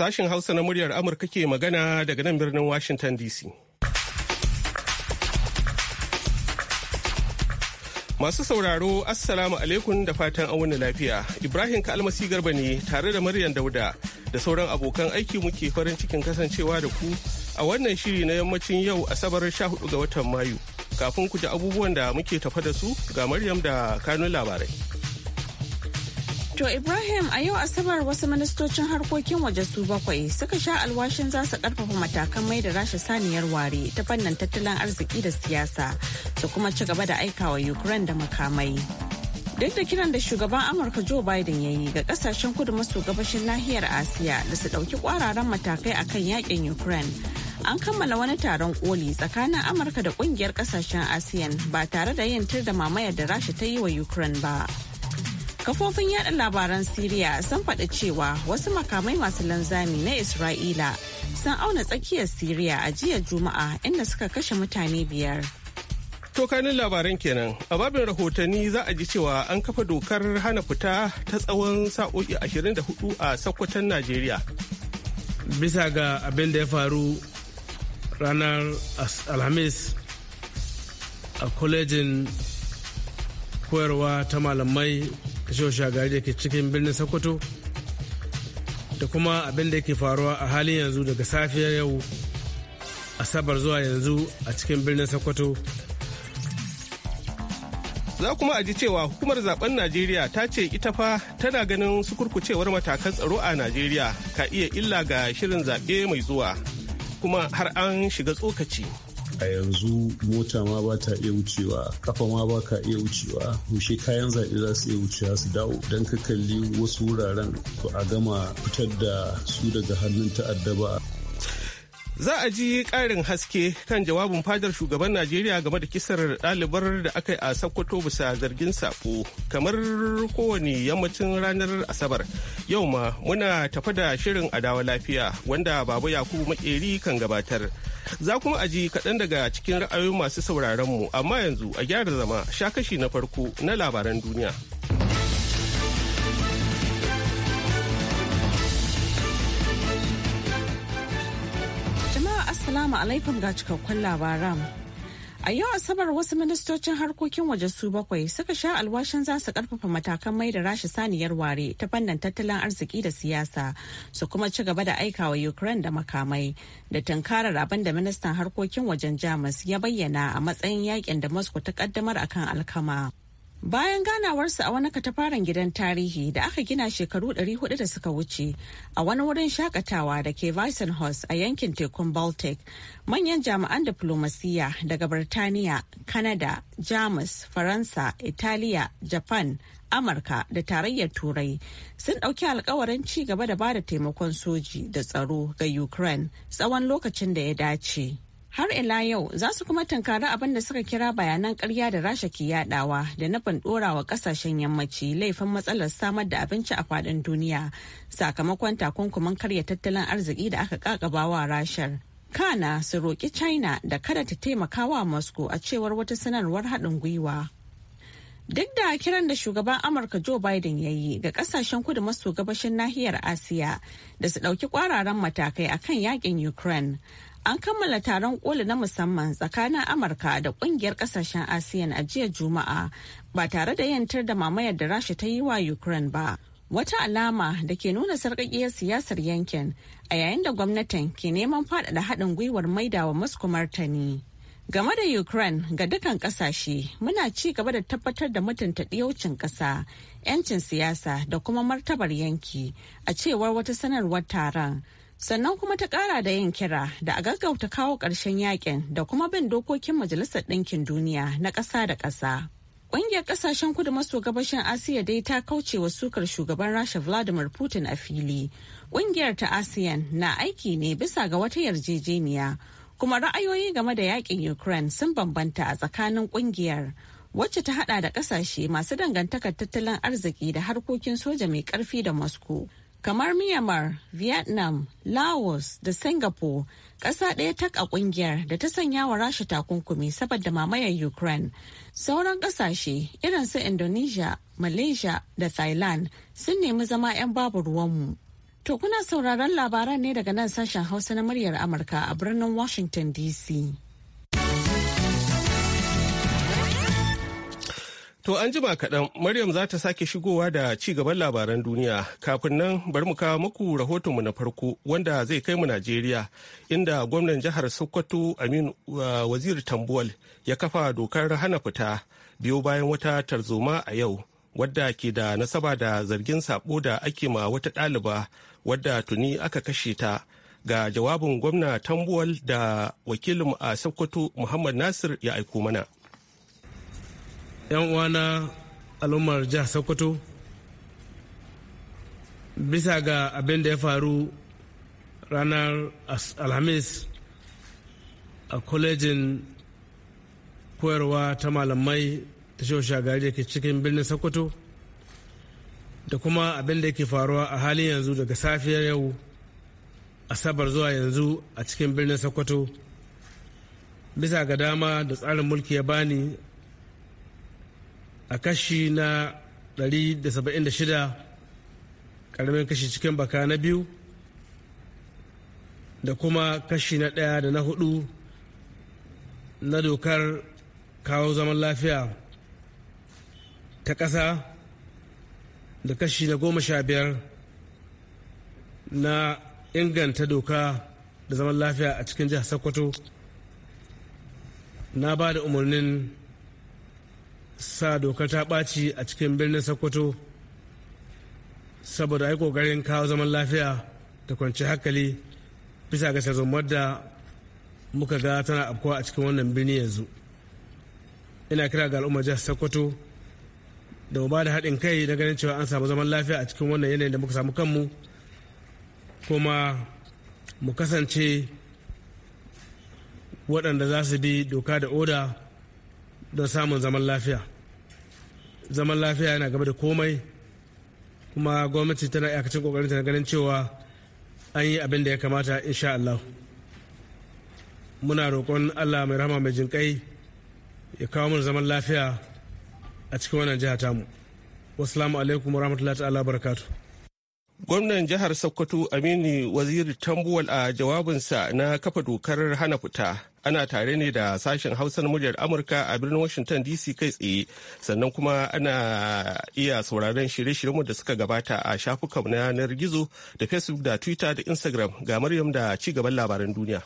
Sashen Hausa na muryar Amurka ke magana daga nan birnin Washington DC. Masu sauraro, Assalamu alaikum da fatan an wani lafiya. Ibrahim Kalmasi Garba ne tare da Maryam Dauda da sauran abokan aiki muke farin cikin kasancewa da ku a wannan shiri na yammacin yau Asabar 14 ga watan Mayu. Kafin ku ji abubuwan da muke tafa da su ga Maryam da kanun labarai. To Ibrahim a yau Asabar wasu ministocin harkokin waje su bakwai suka sha alwashin za su karfafa matakan mai da rasha saniyar ware ta fannin tattalin arziki da siyasa su kuma ci gaba da aikawa Ukraine da makamai. Duk da kiran da shugaban Amurka Joe Biden ya yi ga kasashen kudu maso gabashin nahiyar Asiya da su ɗauki kwararan matakai akan yakin Ukraine. An kammala wani taron koli tsakanin Amurka da kungiyar kasashen ASEAN ba tare da yin tir da mamayar da rasha ta yi wa Ukraine ba. Kafofin yada labaran Siriya sun faɗi cewa wasu makamai masu lanzami na Isra'ila sun auna tsakiyar Siriya a jiya Juma'a inda suka kashe mutane biyar. Tokanin labaran kenan a babin rahotanni za a ji cewa an kafa dokar hana fita ta tsawon sa'o'i 24 a sakwatan Najeriya. Bisa ga abin da ya faru ranar Alhamis a kwalejin koyarwa ta malamai tashar shagari da ke cikin birnin sokoto da kuma abin da ke faruwa a halin yanzu daga safiyar yau asabar zuwa yanzu a cikin birnin sokoto za kuma a ji cewa hukumar zaben najeriya ta ce ita fa tana ganin sukurkucewar matakan tsaro a najeriya ka iya illa ga shirin zaɓe mai zuwa kuma har an shiga tsokaci a yanzu mota ma ba ta iya wucewa kafa ma ba ka iya wucewa bushe kayan zaɓe za su iya wucewa su dawo don ka kalli wasu wuraren ba a gama fitar da su daga hannun ta'adda ba za a ji ƙarin haske kan jawabin fadar shugaban najeriya game da kisar ɗalibar da aka yi a sokoto bisa zargin sako kamar kowane yammacin ranar asabar yau ma muna tafa da shirin adawa lafiya wanda Babu yakubu makeri kan gabatar Za kuma a ji kaɗan daga cikin ra'ayoyin masu sauraron mu amma yanzu a gyara zama sha kashi na farko na labaran duniya. Jama'a Assalamu alaikum ga cikakkun labaran. A yau Asabar wasu ministocin harkokin waje su bakwai suka sha alwashin za su karfafa matakan mai da rashi saniyar ware ta fannin tattalin arziki da siyasa su kuma ci gaba da aika wa Ukraine da makamai da tunkarar abin da ministan harkokin wajen Jamus ya bayyana a matsayin yakin da Moscow ta kaddamar akan alkama. Bayan ganawarsa a wani katafaren gidan tarihi da aka gina shekaru 400 da suka wuce a wani wurin shakatawa da ke Weissenhaus a yankin tekun Baltic, manyan jami'an diplomasiya daga Birtaniya, Kanada, Jamus, Faransa, Italiya, Japan, Amurka da tarayyar Turai sun ɗauki alkawarin ci gaba da bada taimakon soji da tsaro ga Ukraine tsawon lokacin da ya dace. har ila yau za su kuma tunkari abin da suka kira bayanan karya da rasha ke yadawa da na nufin wa kasashen yammaci laifin matsalar samar da abinci a fadin duniya sakamakon takunkuman karya tattalin arziki da aka kakaba wa rashar kana su roƙi china da kada ta taimaka wa moscow a cewar wata sanarwar haɗin gwiwa Duk da kiran da shugaban Amurka Joe Biden ya yi ga kasashen kudu maso gabashin nahiyar Asiya da su ɗauki kwararan matakai akan yakin Ukraine, An kammala taron koli na musamman tsakanin Amurka da kungiyar kasashen asiyan a jiya Juma'a ba tare da yantar da mamayar da Rasha ta yi wa Ukraine ba. Wata alama da ke nuna sarƙaƙiyar siyasar yankin a yayin da gwamnatin ke neman faɗaɗa haɗin gwiwar maidawa musku martani. Game da Ukraine ga dukkan kasashe muna ci gaba da tabbatar da mutunta ɗiyaucin ƙasa, 'yancin siyasa da kuma martabar yanki a cewar wata sanarwar taron. sannan kuma ta kara da yin kira da a gaggauta kawo ƙarshen yakin da kuma bin dokokin majalisar ɗinkin duniya na ƙasa da ƙasa. Ƙungiyar ƙasashen kudu maso gabashin Asiya dai ta kauce wa sukar shugaban Rasha Vladimir Putin a fili. Ƙungiyar ta ASEAN na aiki ne bisa ga wata yarjejeniya, kuma ra'ayoyi game da yakin Ukraine sun bambanta a tsakanin ƙungiyar, wacce ta hada da ƙasashe masu dangantakar tattalin arziki da harkokin soja mai ƙarfi da Moscow. kamar Myanmar, Vietnam, Laos da Singapore ƙasa ɗaya tak a ƙungiyar da ta sanya wa rasha takunkumi saboda mamayar Ukraine. Sauran ƙasashe irin su Indonesia, Malaysia da Thailand sun nemi zama 'yan babu ruwanmu. To kuna sauraron labaran ne daga nan sashen Hausa na muryar Amurka a birnin Washington DC. To an jima kaɗan Maryam za ta sake shigowa da ci gaban labaran duniya kafin nan bari mu kawo muku mu na farko wanda zai kai mu Najeriya inda gwamnan jihar Sokoto Aminu Wazir Tambuwal ya kafa dokar hana fita biyo bayan wata tarzoma a yau wadda ke da nasaba da zargin sabo da ake ma wata ɗaliba wadda tuni aka kashe ta ga jawabin gwamna Tambuwal da wakilin a Sokoto Muhammad Nasir ya aiko mana. 'yan uwana al'ummar jihar sokoto bisa ga abin da ya faru ranar alhamis a kwalejin koyarwa ta malamai ta shagari da ke cikin birnin sokoto da kuma abin da ke faruwa a halin yanzu daga safiyar yau asabar zuwa yanzu a cikin birnin sokoto bisa ga dama da tsarin mulki ya bani a kashi na 176 ƙaramin kashi cikin baka na biyu da kuma kashi na ɗaya da na hudu na dokar kawo zaman lafiya ta ƙasa da kashi na goma sha biyar na inganta doka da zaman lafiya a cikin jihar sokoto na ba da umarnin sa dokar ta ɓaci a cikin birnin sokoto saboda ai kokarin kawo zaman lafiya da kwanci hankali bisa ga tarzomar da muka ga tana afkuwa a cikin wannan birni yanzu ina kira ga al'ummar jihar sokoto da mu ba da haɗin kai na ganin cewa an samu zaman lafiya a cikin wannan yanayin da muka samu kanmu kuma mu kasance waɗanda za su bi doka da oda don samun zaman lafiya zaman lafiya yana gaba da komai kuma gwamnati tana iyakacin kokarinta na ganin cewa an yi abin da ya kamata insha Allah muna roƙon Allah mai rahama mai jinƙai ya kawo mana zaman lafiya a cikin wannan jiha tamu wasu alaikum warahmatullahi ta'ala Gwamnan jihar Sokoto Aminu Waziri Tambuwal a jawabinsa na kafa dokar hana fita. Ana tare ne da sashen Hausa na muryar Amurka a birnin Washington DC kai tsaye, sannan kuma ana iya sauraron shirye-shiryenmu da suka gabata a shafukan yanar gizo da Facebook da Twitter da Instagram ga Maryam da ci gaban labaran duniya.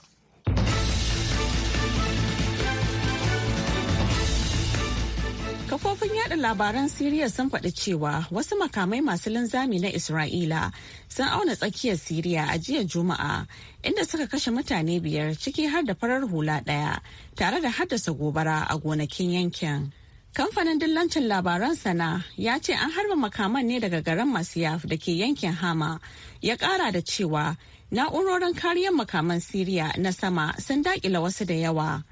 Kafofin yaɗa labaran Siriya sun faɗi cewa wasu makamai masu linzami na Isra'ila sun auna tsakiyar Siriya a jiya Juma'a inda suka kashe mutane biyar ciki har da farar hula ɗaya tare da haddasa gobara a gonakin yankin. Kamfanin dillancin labaran sana ya ce an harba makaman ne daga garin Masiyaf da ke yankin Hama ya ƙara da cewa na'urorin kariyar makaman Siriya na sama sun daƙila wasu da yawa.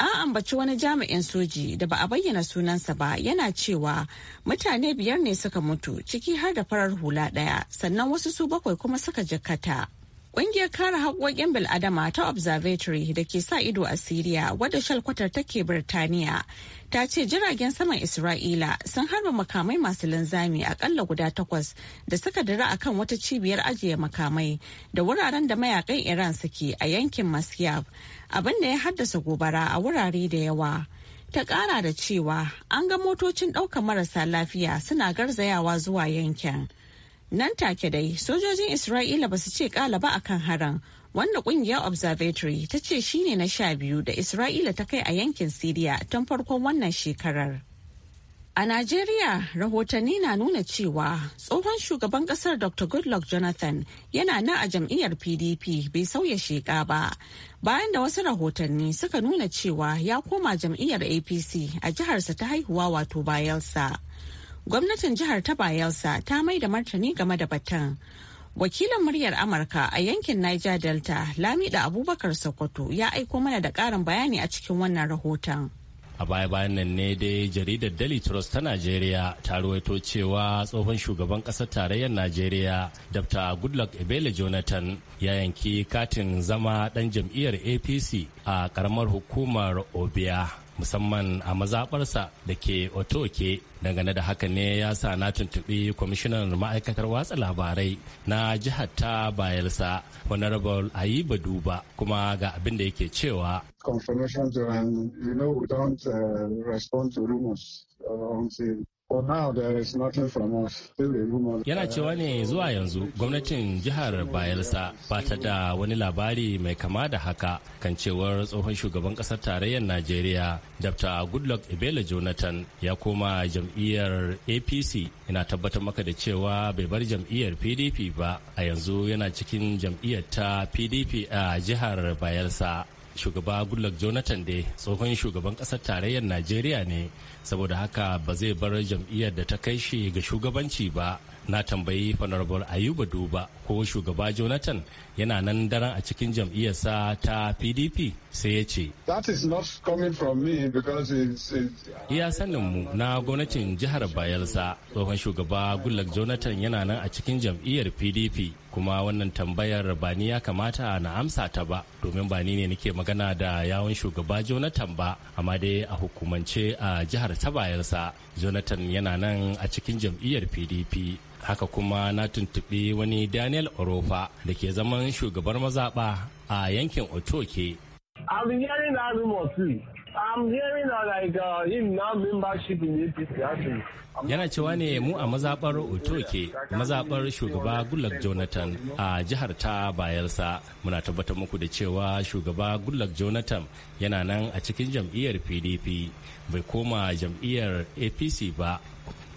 an ambaci wani jami'in soji da ba a bayyana sunansa ba yana cewa mutane biyar ne suka mutu ciki har da farar hula daya sannan wasu su bakwai kuma suka jikkata Ƙungiyar kare haƙoƙin bil'adama ta Observatory da ke sa ido a Siriya wadda shalkwatar take Birtaniya ta ce jiragen saman Isra'ila sun harba makamai masu linzami akalla guda takwas da suka a kan wata cibiyar ajiye makamai da wuraren da mayakan Iran suke a yankin Masyaf. abin da ya haddasa gobara a wurare da yawa. Ta ƙara da cewa an ga motocin ɗaukar marasa lafiya suna garzayawa zuwa yankin. Nan take dai sojojin Isra'ila ba su ce kala ba akan haran wanda ƙungiyar Observatory ta ce shine na sha biyu da Isra'ila ta kai a yankin Syria tun farkon wannan shekarar. A Najeriya, rahotanni na nuna cewa tsohon shugaban kasar Dr. Goodluck Jonathan yana nan a jam'iyyar PDP bai sauya sheƙa ba, bayan da wasu rahotanni suka nuna cewa ya koma jam'iyyar APC a jiharsa ta haihuwa wato Bayelsa. Gwamnatin jihar ta Bayelsa ta mai da martani game da batun. Wakilin muryar Amurka a yankin Niger Delta, Lamida Abubakar Sokoto ya aiko mana da ƙarin bayani a cikin wannan rahoton. a baya-bayan nan ne dai jaridar daily trust ta najeriya ta ruwaito cewa tsohon shugaban ƙasar tarayyar najeriya dr goodluck ebele jonathan ya yanki katin zama dan jam'iyyar apc a karamar hukumar obia musamman a mazaɓarsa da ke otoke dangane da haka ne ya sa na tuntuɓi kwamishinan ma'aikatar watsa labarai na jihar ta bayelsa ayi ayiba duba kuma ga abin da yake cewa confirmation to and you know we don't uh, respond to rumors uh, Yana cewa ne zuwa yanzu gwamnatin jihar Bayelsa ba ta da wani labari mai kama da haka kan cewar tsohon shugaban kasar tarayyar Najeriya Dr. Goodluck Ebele Jonathan ya koma jam'iyyar APC yana tabbatar maka da cewa bai bar jam'iyyar PDP ba a yanzu yana cikin jam'iyyar ta PDP a jihar Bayelsa. shugaba goodluck jonathan dai tsohon shugaban kasar tarayyar najeriya ne saboda haka ba zai bar jam'iyyar da ta kai shi ga shugabanci ba na tambayi honorable ayuba duba ko shugaba jonathan yana nan daren a cikin jam'iyyarsa ta pdp sai ya ce uh, iya saninmu na gwamnatin jihar bayelsa tsohon shugaba gullag jonathan yana nan a cikin jam'iyyar pdp kuma wannan tambayar ba ni ya kamata na amsa ta ba domin ba ni ne nake magana da yawon shugaba jonathan ba amma dai a hukumance a jihar ta bayelsa jonathan yana nan a cikin jam'iyyar pdp haka kuma na tuntuɓi wani daniel daniel orofa da ke zaman shugabar mazaɓa a yankin otoke uh, Yana cewa ne mu a mazaɓar Otoke, mazaɓar shugaba gulag Jonathan a jihar ta bayelsa muna tabbatar muku da cewa shugaba gulag Jonathan yana nan a cikin jam'iyyar PDP bai koma jam'iyyar APC ba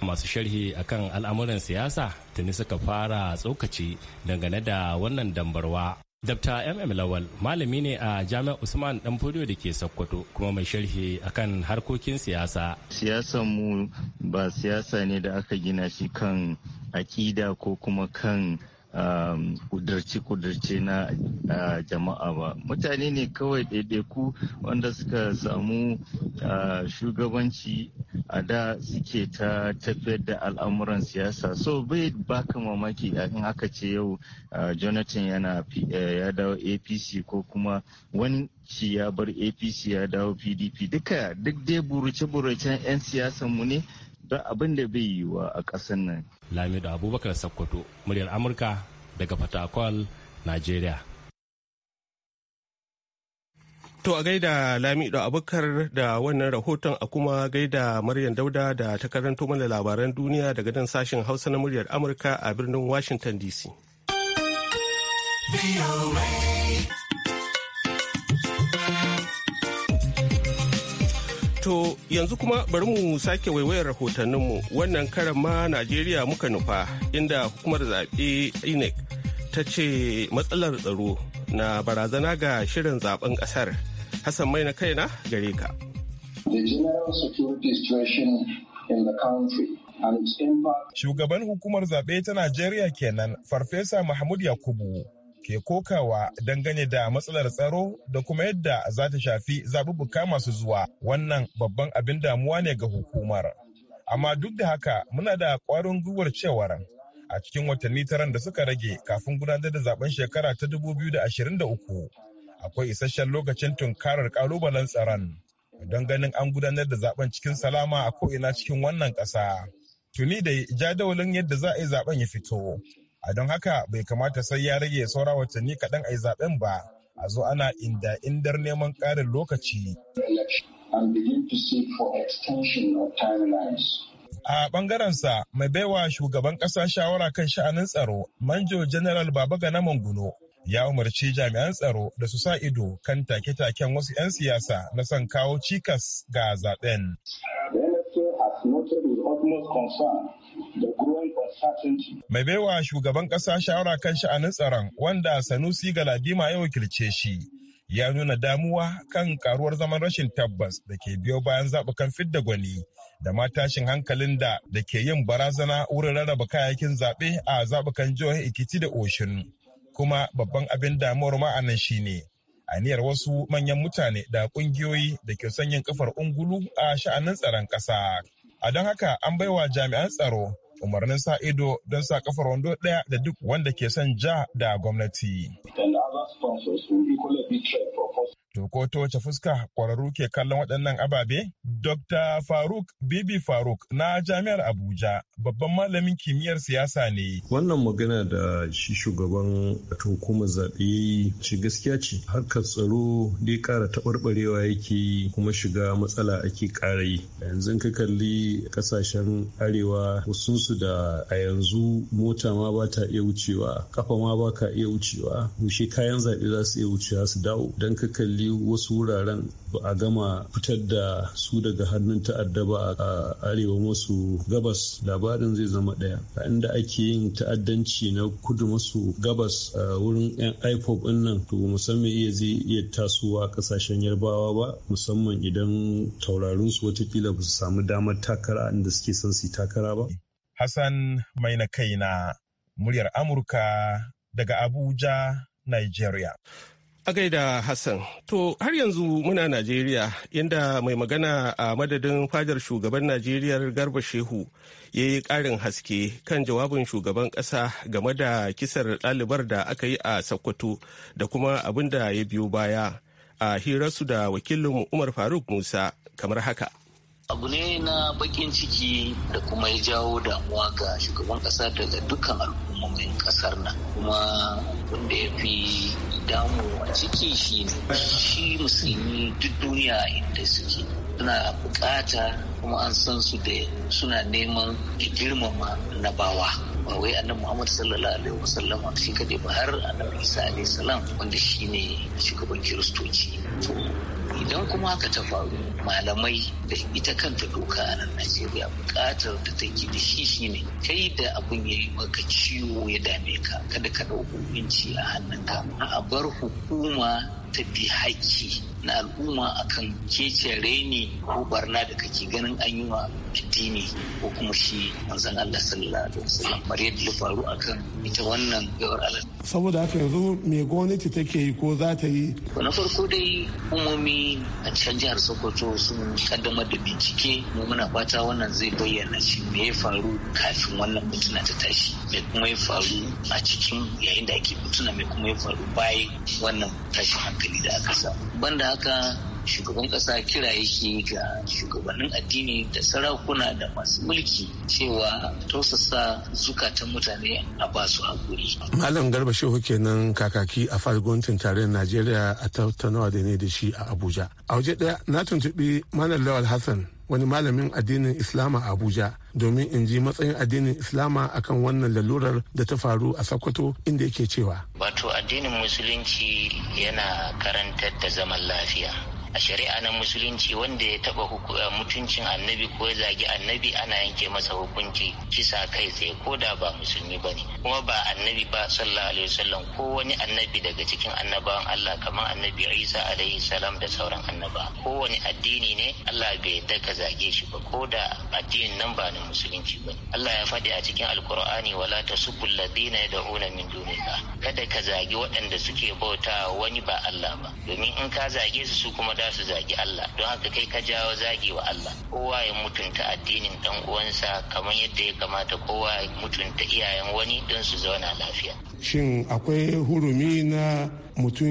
masu sharhi akan al'amuran siyasa tuni suka fara tsokaci dangane da wannan dambarwa. Dr. MM Lawal malami ne a Jami'ar Usman Dan Fodio da ke Sokoto kuma mai sharhi akan harkokin siyasa. Siyasan mu ba siyasa ne da aka gina shi kan akida ko kuma kan Um, kudurce-kudurce na uh, jama'a ba mutane ne kawai ɗaiɗaiku wanda suka samu uh, shugabanci a da suke ta tafiyar da al'amuran siyasa so bai baka mamaki in haka ce yau uh, jonathan yana eh, ya dawo apc ko kuma wani shi ya bar apc ya dawo pdp duka duk dai burace-buracen 'yan mu ne don abin da bai yi wa a ƙasar nan. Lamido Abubakar Sakkwato, muryar Amurka daga Fatakwal, Najeriya. To a gaida Lamido Abubakar da wannan rahoton a kuma gaida Maryam Dauda da ta karanto mana labaran duniya daga nan sashen Hausa na muryar Amurka a birnin Washington DC. To yanzu kuma bari mu sake waiwayar rahotanninmu wannan karan ma Najeriya muka nufa inda hukumar zaɓe INEC ta ce matsalar tsaro na barazana ga shirin zaben ƙasar. Hassan mai na kaina gare ka. Shugaban hukumar zaɓe ta Najeriya kenan Farfesa Mahmud Yakubu ke kokawa dangane da matsalar tsaro da kuma yadda za ta shafi zaɓuɓɓuka masu zuwa wannan babban abin damuwa ne ga hukumar. Amma duk da haka muna da ƙwarin gwiwar cewar a cikin watanni taran da suka rage kafin gudanar da zaben shekara ta 2023 akwai isasshen lokacin tunkarar ƙalubalen tsaron don ganin an gudanar da zaben cikin salama a ko'ina cikin wannan ƙasa. Tuni da jadawalin yadda za a yi zaben ya fito. a don haka bai kamata sai ya rage saura watanni kaɗan a yi zaɓen ba a zo ana inda indar neman ƙarin lokaci a ɓangarensa mai baiwa shugaban ƙasa shawara kan sha'anin tsaro manjo general na manguno ya umarci jami'an tsaro da su sa ido kan take-taken wasu 'yan siyasa na son kawo cikas ga zaɓen Mai baiwa shugaban ƙasa shawara kan sha'anin tsaron wanda Sanusi Galadima ya wakilce shi. Ya nuna damuwa kan karuwar zaman rashin tabbas da ke biyo bayan zaɓukan fidda gwani da matashin hankalin da da ke yin barazana wurin rarraba kayayyakin zaɓe a zaɓukan jihohin Ikiti da Oshun. Kuma babban abin damuwar ma'anan ne aniyar wasu manyan mutane da ƙungiyoyi da ke sanyin yin kafar ungulu a sha'anin tsaron ƙasa. A don haka an baiwa jami'an tsaro umarnin sa ido don sa kafar wando ɗaya da duk wanda ke son ja da gwamnati. To ko ta wace fuska ƙwararru ke kallon waɗannan ababe? Dr. Faruk Bibi Faruk na Jami'ar Abuja babban malamin kimiyyar siyasa ne. Wannan magana da shi shugaban hukumar zaɓe ce gaskiya ce. Harkar tsaro dai ƙara taɓarɓarewa yake yi kuma shiga matsala ake ƙara yi. Yanzu ka kalli ƙasashen arewa wasunsu da a yanzu mota ma ba ta iya wucewa, kafa ma ba ka iya wucewa, mushe kayan zaɓe za su iya wucewa su dawo. Dan ka kalli wasu wuraren ba a gama fitar da su daga hannun ta'adda ba a arewa masu gabas labarin zai zama ɗaya a inda ake yin ta'addanci na kudu masu gabas a wurin yan ipop nan to musamman iya zai iya tasowa kasashen yarbawa ba musamman idan taurarin su watakila ba su samu damar takara inda suke son su takara ba hassan mai na kai na muryar amurka daga abuja nigeria A gaida Hassan, to har yanzu muna Najeriya inda mai magana a madadin fadar shugaban Najeriya Garba Shehu ya yi ƙarin haske kan jawabin shugaban ƙasa game da kisar ɗalibar da aka yi a Sokoto da kuma abin da ya biyo baya a hirarsu da wakilin Umar Faruk Musa kamar haka. abu ne na bakin ciki da kuma ya jawo damuwa ga shugaban kasa daga dukkan al'ummomin kasar na kuma wanda ya fi damu a ciki shi ne shi musulmi duk duniya inda suke suna bukata kuma an san su da suna neman girmama nabawa bawa. wai annabi Muhammad sallallahu alaihi wasallama shi kadai ba har annabi Isa alaihi salam wanda shi ne shugaban kiristoci to idan kuma haka ta faru malamai da ita kanta doka a nan Najeriya bukatar da ke da shi shine kai da abin ya yi maka ciwo ya dame ka kada ka ɗau hukunci a hannunka a bar hukuma ta bi haƙƙi na al'umma akan kece reni ko barna da kake ganin ganin an yi wa addini ko kuma shi manzon Allah sallallahu alaihi kamar yadda ya faru akan ita wannan gawar Allah saboda haka yanzu me gwamnati take yi ko za ta yi na farko dai umumi a can jihar Sokoto sun kaddamar da bincike mu muna fata wannan zai bayyana shi me ya faru kafin wannan mutuna ta tashi me kuma ya faru a cikin yayin da ake mutuna me kuma ya faru bayan wannan tashin hankali da aka samu banda haka shugaban ƙasa kira yake ga shugabannin addini da sarakuna da masu mulki cewa tausasa zukatan mutane a ba su haƙuri. Malam Garba Shehu kenan kakaki a fargontin tarayyar Najeriya a tattaunawa da ne da shi a Abuja. A waje ɗaya na tuntuɓi Malam Lawal Hassan wani malamin addinin Islama a Abuja domin in ji matsayin addinin Islama akan wannan lalurar da ta faru a Sokoto inda yake cewa. Wato addinin Musulunci yana karantar da zaman lafiya. a shari'a na musulunci wanda ya taba eh, mutuncin annabi ko ya zagi annabi ana yanke masa hukunci kisa kai tsaye ko da ba musulmi ba ne kuma ba annabi ba sallallahu alaihi wasallam ko wani annabi daga cikin annabawan Allah kamar annabi Isa alaihi salam da sauran annaba wani addini ne Allah bai yadda ka zage shi ba ko da addinin nan ba na musulunci ba Allah ya faɗi a cikin alkur'ani wala tasubbul ladina yad'una min dunillah kada ka zagi waɗanda suke bauta wani ba Allah ba domin in ka zage su su kuma yahuda su zagi Allah don haka kai ka jawo zagi wa Allah kowa ya mutunta addinin dan uwansa kamar yadda ya kamata kowa ya mutunta iyayen wani don su zauna lafiya shin akwai hurumi na mutum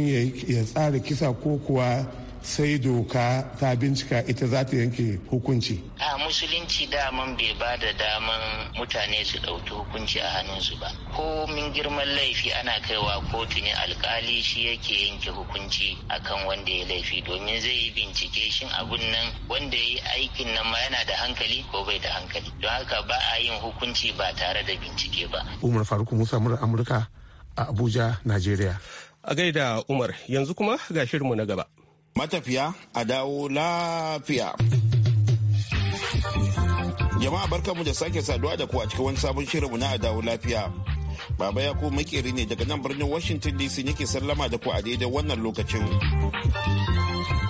ya tsara kisa ko kuwa sai doka ta bincika ita za ta yanke hukunci a musulunci dama bai ba da daman mutane su ɗauki hukunci a hannunsu ba ko min girman laifi ana kaiwa kotu ne alkali shi yake yanke hukunci akan wanda ya laifi domin zai yi bincike shin abun nan wanda ya yi aikin nan ma yana da hankali ko bai da hankali don haka ba a yin hukunci ba tare da bincike ba umar faruk musa murar amurka a abuja najeriya a gaida umar yanzu kuma ga shirinmu na gaba matafiya a dawo lafiya jama'a barkanmu da sake saduwa da ku a cikin wani sabon shirinmu na a dawo lafiya baba ya ku makeri ne daga nan birnin washington dc nake sallama da ku a daidai wannan lokacin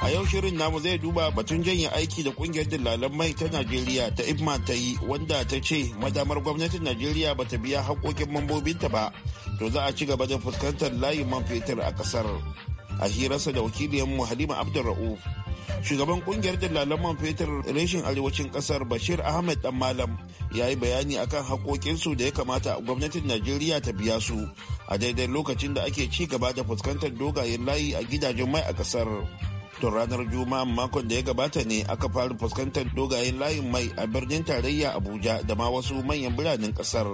a yau shirin namu zai duba batun janye aiki da kungiyar dillalan mai ta najeriya ta ibma ta yi wanda ta ce madamar gwamnatin najeriya bata biya haƙoƙin mambobinta ba to za a ci gaba da fuskantar layin man fetur a ƙasar a hirarsa da mu halima abdul abdulra'uf shugaban kungiyar dillalan man fetur reshen arewacin kasar bashir ahmed dan malam ya yi bayani akan haƙoƙinsu da ya kamata gwamnatin najeriya ta biya su a daidai lokacin da ake ci gaba da fuskantar dogayen layi a gidajen mai a kasar tun ranar juma'a makon da ya gabata ne aka fara fuskantar dogayen layin mai a birnin tarayya abuja da ma wasu manyan biranen kasar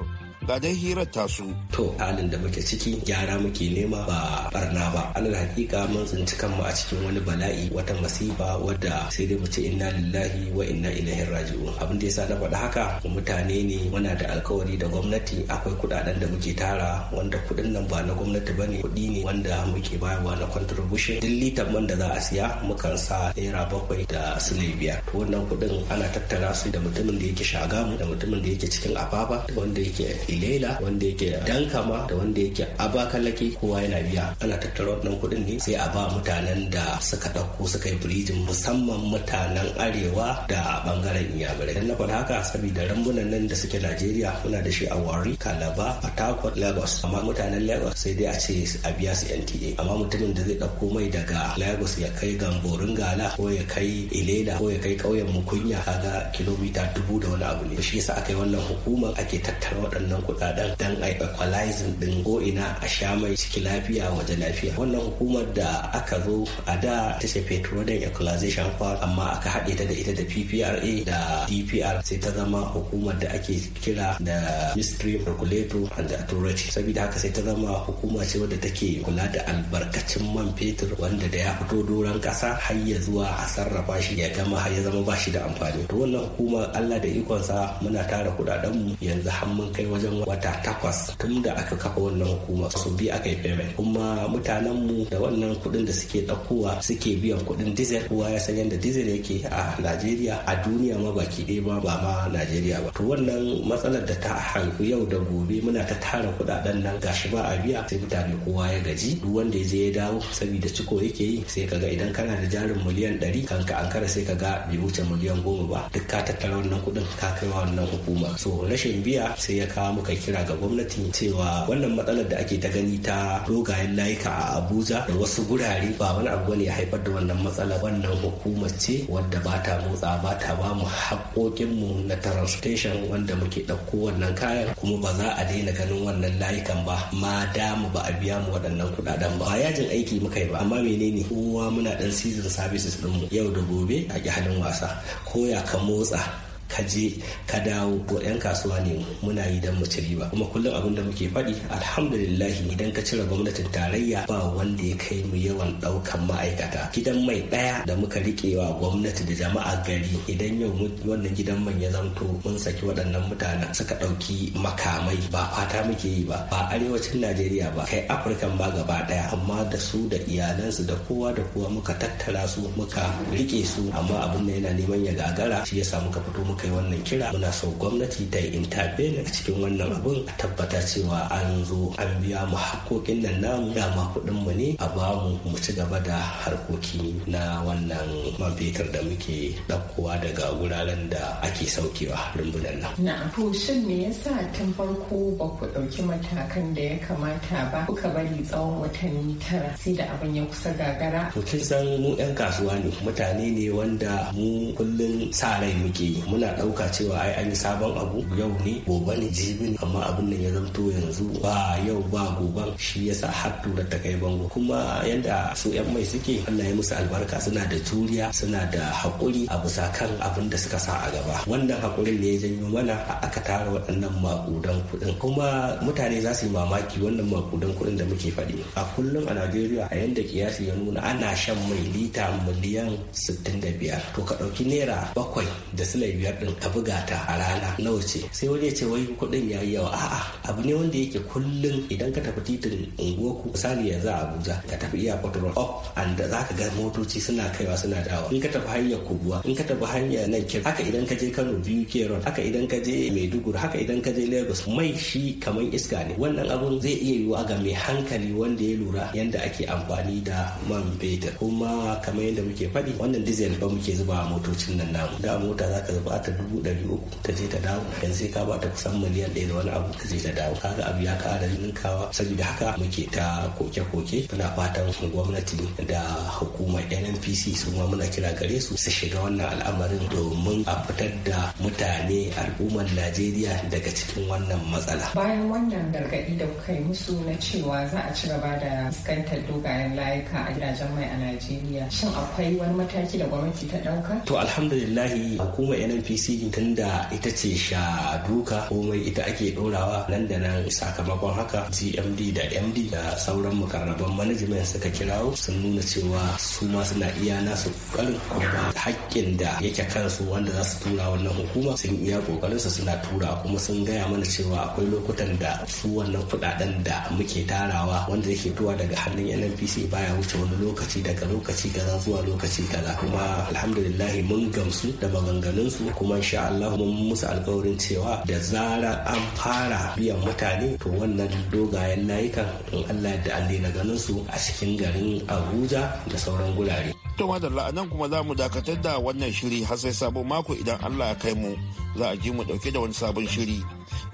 ga dai hirar tasu. To halin da muke ciki gyara muke nema ba barna ba. Alal hakika mun tsinci kanmu a cikin wani bala'i wata masifa wadda sai dai mu ce inna lillahi wa inna ilaihi raji'un. Abin da ya sa na faɗa haka mutane ne muna da alkawari da gwamnati akwai kuɗaɗen da muke tara wanda kuɗin nan ba na gwamnati ba ne kuɗi ne wanda muke bayarwa na contribution. Duk litan man da za a siya mukan sa naira bakwai da silai biyar. To wannan kuɗin ana tattara su da mutumin da yake shaga mu da mutumin da yake cikin ababa da wanda yake ilela wanda yake dankama da wanda yake abakalaki kowa yana biya ana tattara wannan kuɗin ne sai a ba mutanen da suka ɗauko suka yi birijin musamman mutanen arewa da bangaren inyamurai dan na faɗa haka saboda rambunan nan da suke najeriya muna da shi a wari kalaba takwa lagos amma mutanen lagos sai dai a ce a biya su nta amma mutumin da zai ɗauko mai daga lagos ya kai gamborin gala ko ya kai ilela ko ya kai ƙauyen mukunya kaga kilomita dubu da wani abu ne shi yasa aka yi wannan hukumar ake tattara waɗannan kudaden dan a equalizing din ina a sha mai ciki lafiya waje lafiya wannan hukumar da aka zo a da ta ce petroleum equalization fund amma aka haɗe ta da ita da PPRA da DPR sai ta zama hukumar da ake kira da Ministry Regulator and Authority saboda haka sai ta zama hukuma ce wadda take kula da albarkacin man fetur wanda da ya fito doron kasa har ya zuwa a sarrafa shi ya gama har ya zama ba shi da amfani to wannan hukuma Allah da ikonsa muna tara kuɗaɗenmu yanzu har mun kai wajen wata takwas tun da aka kafa wannan hukuma su biyu aka yi payment kuma mutanen mu da wannan kuɗin da suke ɗaukowa suke biyan kuɗin diesel kowa ya san yadda diesel yake a Najeriya a duniya ma baki ɗaya ba ba ma Najeriya ba to wannan matsalar da ta haifu yau da gobe muna ta tara kuɗaɗen nan gashi ba a biya sai mutane kowa ya gaji duk wanda ya je ya dawo saboda ciko yake yi sai kaga idan kana da jarin miliyan ɗari kanka an kara sai kaga bai wuce miliyan goma ba duk ka tattara wannan kuɗin ka kai wa wannan hukuma so rashin biya sai ya kawo muka kira ga gwamnati cewa wannan matsalar da ake ta gani ta dogayen layuka a abuja da wasu gurare ba wani abu ne ya haifar da wannan matsala wannan hukumar ce wadda ba ta motsa ba ta ba mu haƙoƙinmu na transportation wanda muke ɗauko wannan kayan kuma ba za a daina ganin wannan layukan ba ma mu ba a biya mu waɗannan kuɗaɗen ba yajin aiki muka yi ba amma menene kowa muna ɗan season services ɗinmu yau da gobe a halin wasa ko ya ka motsa ka je ka dawo ko 'yan kasuwa ne muna yi don mu ci riba kuma kullum abin da muke faɗi alhamdulillahi, idan ka cire gwamnatin tarayya ba wanda ya kai mu yawan ɗaukan ma'aikata gidan mai ɗaya da muka wa gwamnati da jama'a gari idan yau wannan gidan man ya zanto mun saki waɗannan mutanen suka ɗauki makamai ba fata muke yi ba ba arewacin najeriya ba kai afirkan ba gaba ɗaya amma da su da iyalansu da kowa da kowa muka tattara su muka riƙe su amma abin da yana neman ya gagara shi yasa muka fito muka Kai wannan kira muna so gwamnati ta yi intervene a cikin wannan abun a tabbata cewa an zo an biya mu hakokin nan namu dama kuɗin mu ne a bamu mu ci gaba da harkoki na wannan man fetur da muke ɗaukowa daga wuraren da ake saukewa rumbunan nan. Na'am, to shin me yasa tun farko ba ku ɗauki matakan da ya kamata ba kuka bari tsawon watanni tara sai da abin ya kusa gagara? To san mu 'yan kasuwa ne mutane ne wanda mu kullum sa rai muke yi muna ina ɗauka cewa ai an yi sabon abu yau ne gobe ne jibi ne amma abin nan ya zamto yanzu ba yau ba gobe shi yasa har tura ta kai bango kuma yadda su yan mai suke Allah ya musu albarka suna da juriya suna da haƙuri a bisa kan abin da suka sa a gaba wannan haƙurin ne ya janyo mana aka tara waɗannan makudan kuɗin kuma mutane za su yi mamaki wannan makudan kuɗin da muke faɗi a kullum a Najeriya a yanda kiyasi ya nuna ana shan mai lita miliyan 65 to ka ɗauki naira bakwai da silai biyar biyar din ka buga ta a rana nawa ce sai wani ya ce wai kuɗin ya yi yawa a'a abu ne wanda yake kullum idan ka tafi titin unguwarku misali yanzu a abuja ka tafi iya road up and za ka ga motoci suna kaiwa suna dawa in ka tafi hanyar kubuwa in ka tafi hanyar nan kir haka idan ka je kano biyu ke road haka idan ka je maiduguri haka idan ka je lagos mai shi kamar iska ne wannan abun zai iya yiwuwa ga mai hankali wanda ya lura yadda ake amfani da man fetur kuma kamar yadda muke faɗi wannan diesel ba muke zuba motocin nan namu da mota za ka zuba ta dubu ɗari uku ta je ta dawo yanzu sai ka ba ta kusan miliyan ɗaya da wani abu ta je ta dawo kaga abu ya ƙara ninkawa saboda haka muke ta koke-koke muna fatan gwamnati da hukumar nnpc su ma muna kira gare su su shiga wannan al'amarin domin a fitar da mutane al'ummar najeriya daga cikin wannan matsala bayan wannan gargaɗi da kuka yi musu na cewa za a ci gaba da fuskantar dogayen layuka a gidajen mai a najeriya shin akwai wani mataki da gwamnati ta ɗauka to alhamdulillahi hukumar nnpc apc tunda ita ce sha duka komai ita ake ɗorawa nan da nan sakamakon haka gmd da md da sauran mukarraban manajimen suka kirawo sun nuna cewa su ma suna iya nasu kokarin kuma hakkin da yake kansu wanda za su tura wannan hukuma sun iya kokarin su suna tura kuma sun gaya mana cewa akwai lokutan da su wannan kuɗaɗen da muke tarawa wanda yake tuwa daga hannun nnpc baya wuce wani lokaci daga lokaci kaza zuwa lokaci kaza kuma alhamdulillah mun gamsu da maganganun su kuma insha Allah mun musu alkawarin cewa da zara an fara biyan mutane to wannan dogayen layukan in Allah da Allah na ganin su a cikin garin Abuja da sauran gurare. To madalla anan kuma za mu dakatar da wannan shiri har sai sabon mako idan Allah ya kai mu za a ji mu dauke da wani sabon shiri.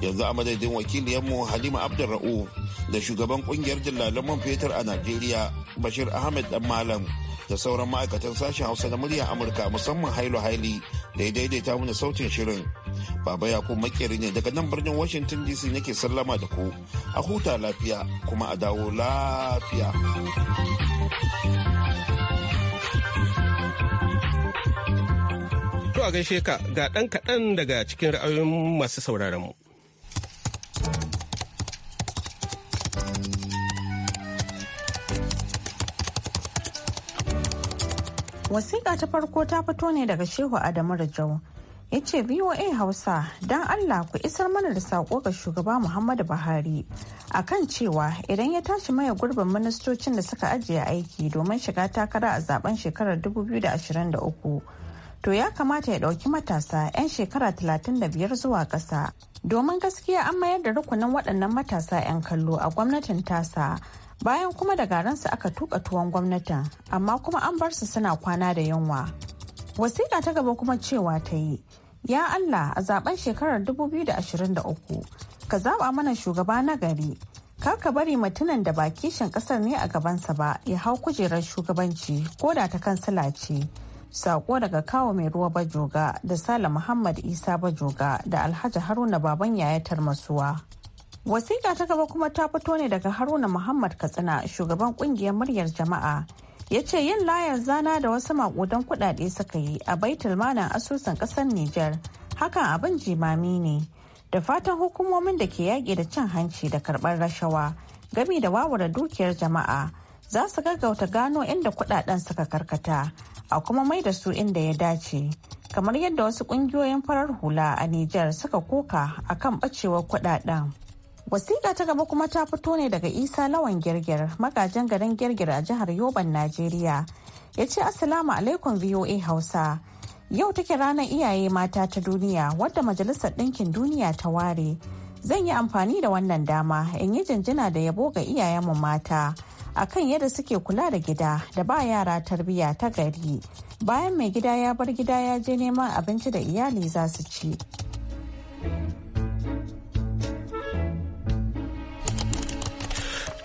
Yanzu a madadin mu Halima Abdulra'u da shugaban kungiyar dillalan man fetur a Najeriya Bashir Ahmed Dan Malam. da sauran ma'aikatan sashen hausa na murya amurka musamman hailu haili da ya daidaita mana sautin shirin baba yakub makeri ne daga nan birnin washington dc nake sallama da ku a huta lafiya kuma a dawo lafiya To a gaishe ka ga dan kaɗan daga cikin ra'ayoyin masu sauraron mu. Wasiƙa ta farko ta fito ne daga Shehu Adamu Rajau. ya ce voa hausa don allah ku isar mana da sako ga shugaba muhammadu buhari a kan cewa idan ya tashi maye gurbin ministocin da suka ajiye aiki domin shiga takara a zaben shekarar 2023 to ya kamata ya ɗauki matasa 'yan shekara 35 zuwa ƙasa domin gaskiya an mayar da rukunin waɗannan matasa 'yan kallo a gwamnatin tasa bayan kuma da garansu aka tuka tuwon gwamnatin amma kuma an bar su suna kwana da yunwa wasiƙa ta gaba kuma cewa ta yi ya allah a zaben shekarar 2023 ka zaba mana shugaba na gari kar ka bari mutumin da ba kishin kasar ne a gabansa ba ya hau kujerar shugabanci ko da ta kansila ce sako daga kawo mai ruwa bajoga da sala muhammad isa bajoga da alhaji haruna baban yayatar masuwa wasiƙa ta gaba kuma ta fito ne daga haruna muhammad katsina shugaban kungiyar muryar jama'a ya ce yin layar zana da wasu makudan kuɗaɗe suka yi a baitul malam asusun ƙasar niger hakan abin jimami ne da fatan hukumomin da ke yaƙi da cin hanci da karɓar rashawa gami da wawara dukiyar jama'a za su gaggauta gano inda kuɗaɗen suka karkata a kuma mai da su inda ya dace kamar yadda wasu ƙungiyoyin farar hula a niger suka koka akan ɓacewar kuɗaɗen. Wasiƙa ta gaba kuma ta fito ne daga Isa Lawan Girgir, magajin garin Girgir a jihar Yoban, Najeriya. Ya ce Assalamu alaikum VOA Hausa. Yau take ranar iyaye mata ta duniya wadda Majalisar Ɗinkin Duniya ta ware. Zan yi amfani da wannan dama in yi jinjina da yabo ga iyayenmu mata akan yadda suke kula da gida da ba yara tarbiyya ta gari. Bayan mai gida ya bar gida ya je neman abinci da iyali za su ci.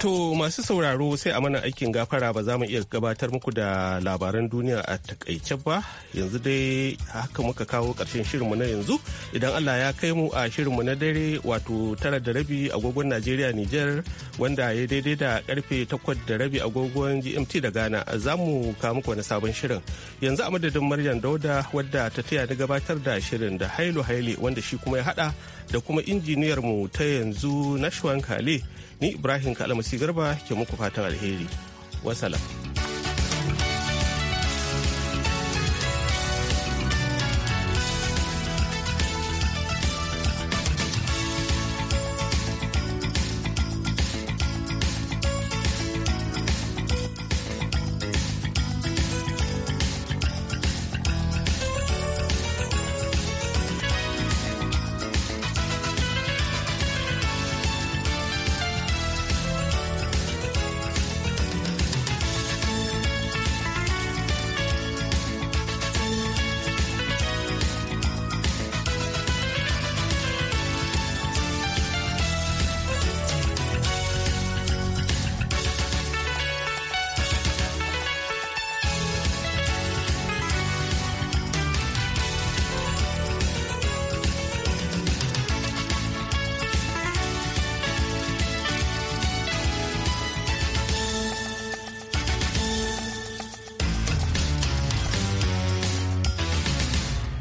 To masu sauraro sai a mana aikin gafara ba za mu iya gabatar muku da labaran duniya a takaice ba yanzu dai haka muka kawo ƙarshen shirinmu na yanzu idan Allah ya kai mu a shirinmu na dare wato tara da rabi agogon Najeriya Nijar wanda ya daidai da karfe takwas da rabi agogon GMT da Ghana za mu kawo muku wani sabon shirin yanzu a madadin Maryam Dauda wadda ta taya ni gabatar da shirin da Hailu Haile wanda shi kuma ya hada da kuma injiniyar mu ta yanzu Nashwan Kale. ni ibrahim kalamusi garba ke muku fatan alheri wasalam